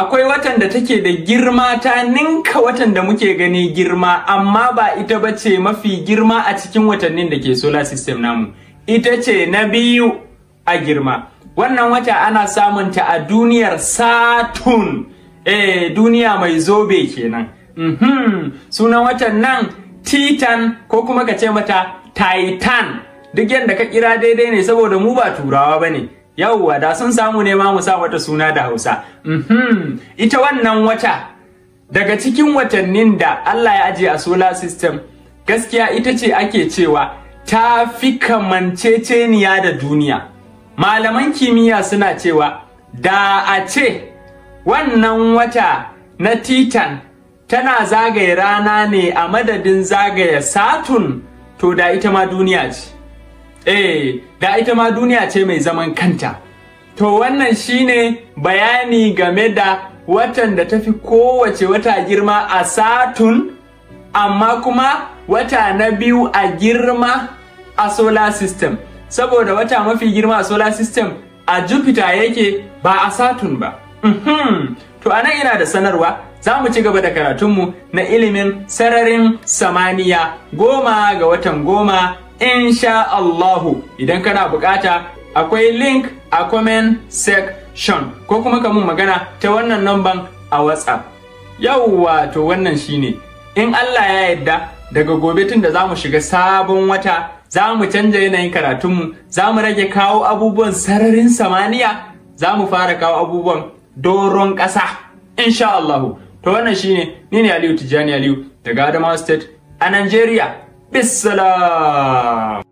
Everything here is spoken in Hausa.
akwai watan da take da girma ta ninka watan da muke gani girma amma ba ita ba ce mafi girma a cikin watannin da ke solar system namu ita ce na biyu a girma wannan wata ana samun ta a duniyar saturn eh duniya mai zobe kenan mm sunan watan nan titan ko kuma ka ce mata titan duk yadda ka kira daidai ne saboda mu ba turawa ba ne yauwa da sun samu ne ma mu sa wata suna da hausa mhm ita wannan wata daga cikin watannin da Allah ya aje a solar system gaskiya ita ce ake cewa ta fi kamanceceniya da duniya malaman kimiyya suna cewa da a ce wannan wata na titan tana zagaye rana ne a madadin zagaye saturn to da ita ma duniya ce eh da ita ma duniya ce mai zaman kanta to wannan shine bayani game da watan da tafi kowace wata girma a satun. amma kuma wata na biyu a girma a solar system saboda wata mafi girma a solar system a Jupiter yake ba a satun ba mm to anan ina da sanarwa za mu ci gaba da karatunmu na ilimin sararin samaniya goma ga watan goma insha Allahu idan kana bukata akwai link a comment section ko kuma ka mun magana ta wannan namban a WhatsApp. Yawwa to wannan shine in Allah ya yadda daga gobe tun da za shiga sabon wata za mu canja yanayin karatunmu za mu rage kawo abubuwan sararin samaniya za mu fara kawo abubuwan doron ƙasa insha Allahu to wannan shine ni ne Aliyu Tijjani Aliyu daga Adamawa State a Najeriya بالسلام